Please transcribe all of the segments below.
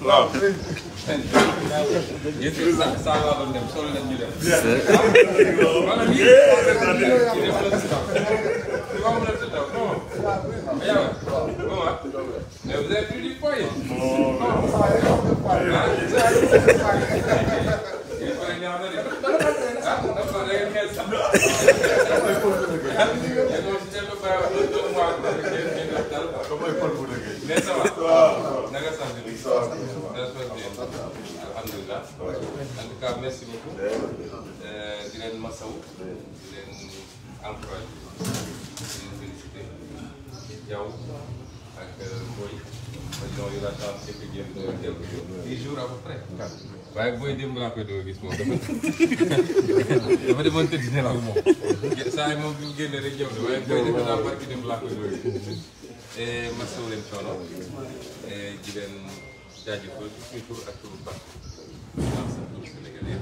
waaw yéen si sax saa laa doon dem solo lañ ñu dem. maanaam yéen ñi ñu def. mais ça va. na nga sant alhamdulilah en tout cas merci beaucoup euh, di leen masaw di leen encouragé di ak euh, Boy waaye Boy démb laa koy doon gis moom dafa dafa demoon tëdd nelaw moom saa yi moom bi mu waaye Boy defe naa barki démb laa koy doon gis eh, masaw leen coono eh, jaajëfal suñu tur ak turu Fatou waaw sant ñi Sénégalais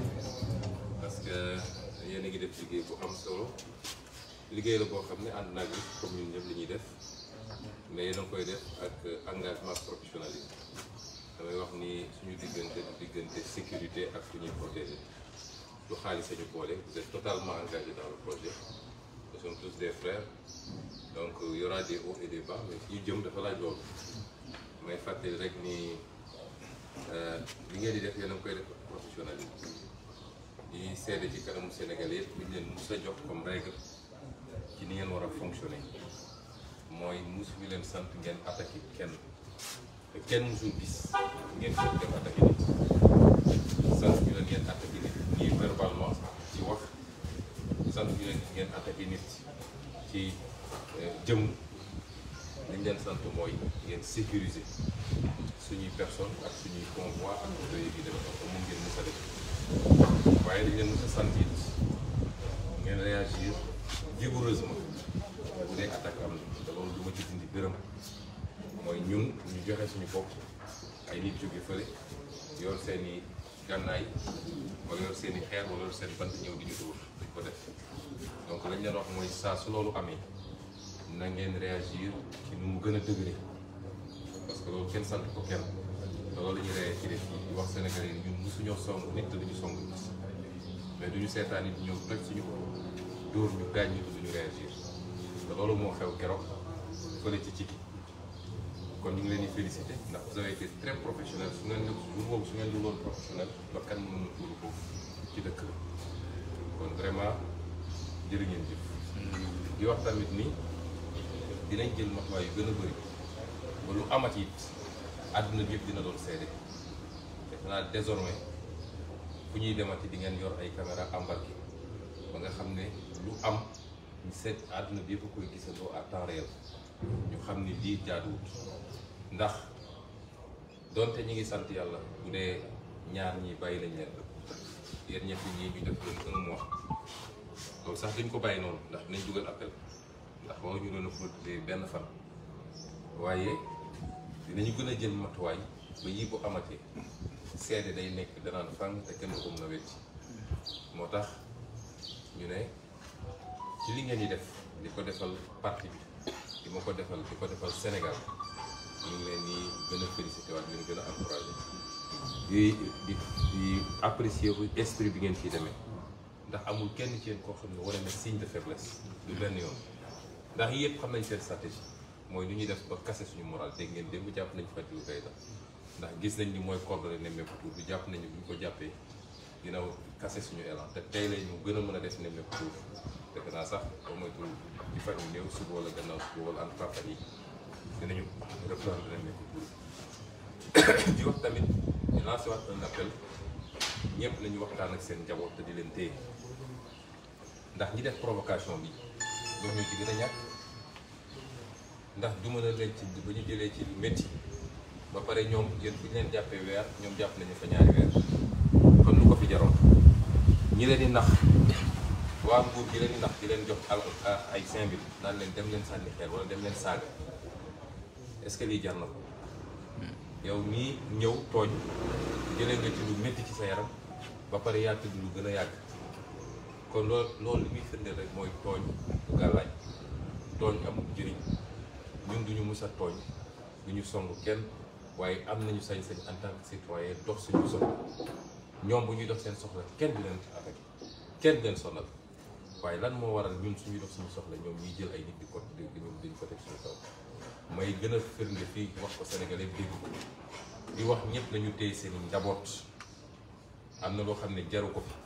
parce que euh, yéen a ngi def liggéey bu am solo liggéey la boo xam ne ànd naag it comme ñun ñëpp li ñuy def mais yéen a koy def ak engagement professionnalisme damay wax ni suñu diggante diggante sécurité ak fu ñuy protéger lu xaalis sañu boole vous totalement engagé dans le projet nous sommes tous des frères donc euh, il y aura des hauts et des bas mais fi jëm dafa laaj loolu may fàttali rek Euh, li ngeen di def yéen a ngi koy def professionnalisme di seede ci kanamu Sénégal yëpp luñ leen mus a jox comme règle ci ni ngeen war a fonctionner mooy musuñu leen sant ngeen attaqué kenn kenn musul gis ngeen jot def attaqué nit sant ñu leen ngeen attaqué nit nii verbalement ci wax sant ñu leen ngeen attaqué nit ci euh, jëm. leen sant mooy ngeen sécuriser suñuy personne ak suñuy convoi ak oto yi def ko moom ngeen mës a def waaye dañ leen mës a sant it ngeen réagir vigoureusement bu ma mooy ñun ñu joxe suñu bopp ay nit jóge fële yor seen i gànnaay wala yor seen i xeer wala yor seen bant ñëw di ñu dóor ko def donc lañ leen wax mooy saa su loolu amee. na ngeen réagir ci nu mu gën a dëgëre parce que loolu kenn sant ko kenn loolu la ñuy réagir ci wax Sénégalais yi ñun mosuñoo song nit duñu song nit mais duñu seetaan nit ñëw toj suñu dóor ñu gaañ ñu duñu réagir loolu moo xew keroog fële ci ciki kon ñu ngi leen di félicité ndax vous avez été très professionnel su ngeen lu loolu professionnel ba kan mën na tuuru foofu ci dëkk la kon vraiment jërë jëf mm. di wax tamit ni dinañ jël matuwaay yu gën a bëri ba lu amat it àdduna bi yëpp dina doon seede def naa désormais fu ñuy demati di ngeen yor ay caméra embarqué ba nga xam ne lu am ñu seet àdduna bi yëpp koy gisandoo à temps ñu xam ni lii jaaduwut ndax donte ñi ngi sant yàlla bu dee ñaar ñi bàyyi lañ leen yéen ñett ñi ñu def leen un mois loolu sax duñ ko bàyyi noonu ndax dinañ dugal appel ndax moo ñu doon fóotee benn fan waaye dinañu gën a jël matuwaay ba yi bu amatee seede day nekk danaan fang te kenn ko mën a wecc moo tax ñu ne ci li ngeen di def di ko defal parti bi di ma ko defal di ko defal Sénégal ñu ngi leen di gën a félicité waat leen gën a encouragé di di di apprécier bu esprit bi ngeen ciy demee ndax amul kenn ci yéen koo xam ne war na signe de faiblesse du benn yoon ndax yëpp xam nañ seen stratégie mooy lu ñuy def kase suñu moral dégg ngeen démb jàpp nañu Fatou kay tax ndax gis nañ ni mooy coordonné nemmeeku bi jàpp nañu ñu ko jàppee dina kase suñu élan te tey la ñu gën a mën a def nemmeeku tur defe naa sax boo moytu ci fan yu néew wala gannaaw suba wala di wax tamit ñu lancé waat un appel ñëpp nañu waxtaan ak seen njaboot te di leen téye ndax ñi def provocation bi. ñoom ñoo ci gën a ñàkk ndax du mën a leen ci ba ñu jëlee ci métti ba pare ñoom yéen bi ñu leen jàppee weer ñoom jàpp nañu fa ñaari weer kon lu ko fi jaroon ñi leen di nax waa am gi leen di nax di leen jox al euh, ay cinq mille leen dem leen sànni xeer wala dem leen saaga est-ce que ko yow nii ñëw tooñ jëlee nga ci lu métti ci sa yaram ba pare yaa tudd lu gën a yàgg kon lool loolu li muy firnde rek mooy tooñ du gàllaaj tooñ amul jëriñ ñun duñu mus a tooñ ñu song kenn waaye am nañu sañ-sañ en tant que citoyen dox suñu soxla ñoom bu ñuy dox seen soxla kenn du leen attaqué kenn du leen sonal waaye lan moo waral ñun suñuy dox suñu soxla ñoom ñuy jël ay nit di ko di di ko teg suñu kaw may gën a firnde fii wax ko sénégalais dégg ko di wax ñépp lañu téye seen njaboot am na loo xam ne jaru ko fi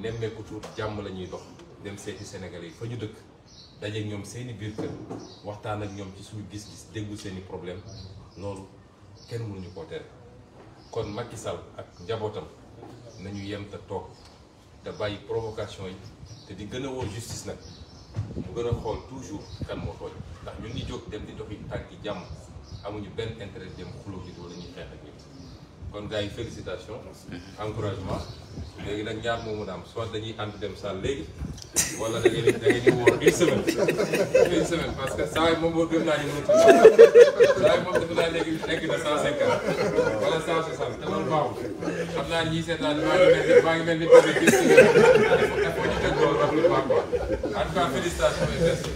nemmeeku tuut jàmm la ñuy dox dem seeti Sénégalais yi fa ñu dëkk daje ñoom seeni biir kër waxtaan ak ñoom ci suñu gis-gis déggu seeni problème loolu kenn mënuñu koo tere kon Macky sal ak njabootam nañu yem toog te bàyyi provocation yi te di gën a woo justice nag mu gën a xool toujours kan moo tooñ ndax ñun ñi jóg dem di doxi tànki jàmm amuñu benn intérêt dem xuloo nit ñuy xeex nit kon gars yi félicitation encouragement léegi nag ñaar moomu daam soit dañuy ànd dem salle léegi wala da ngeen da ngeen di wóor une semaine une parce que saa yi moom boo gëm naa ni mënut a moom defe naa léegi nekk na cent cinquante wala naa ñii seetaan maa ngi mel ni maa ngi mel ni dafay gis ne il faut teg loolu wax lu baax quoi en tout cas félicitations et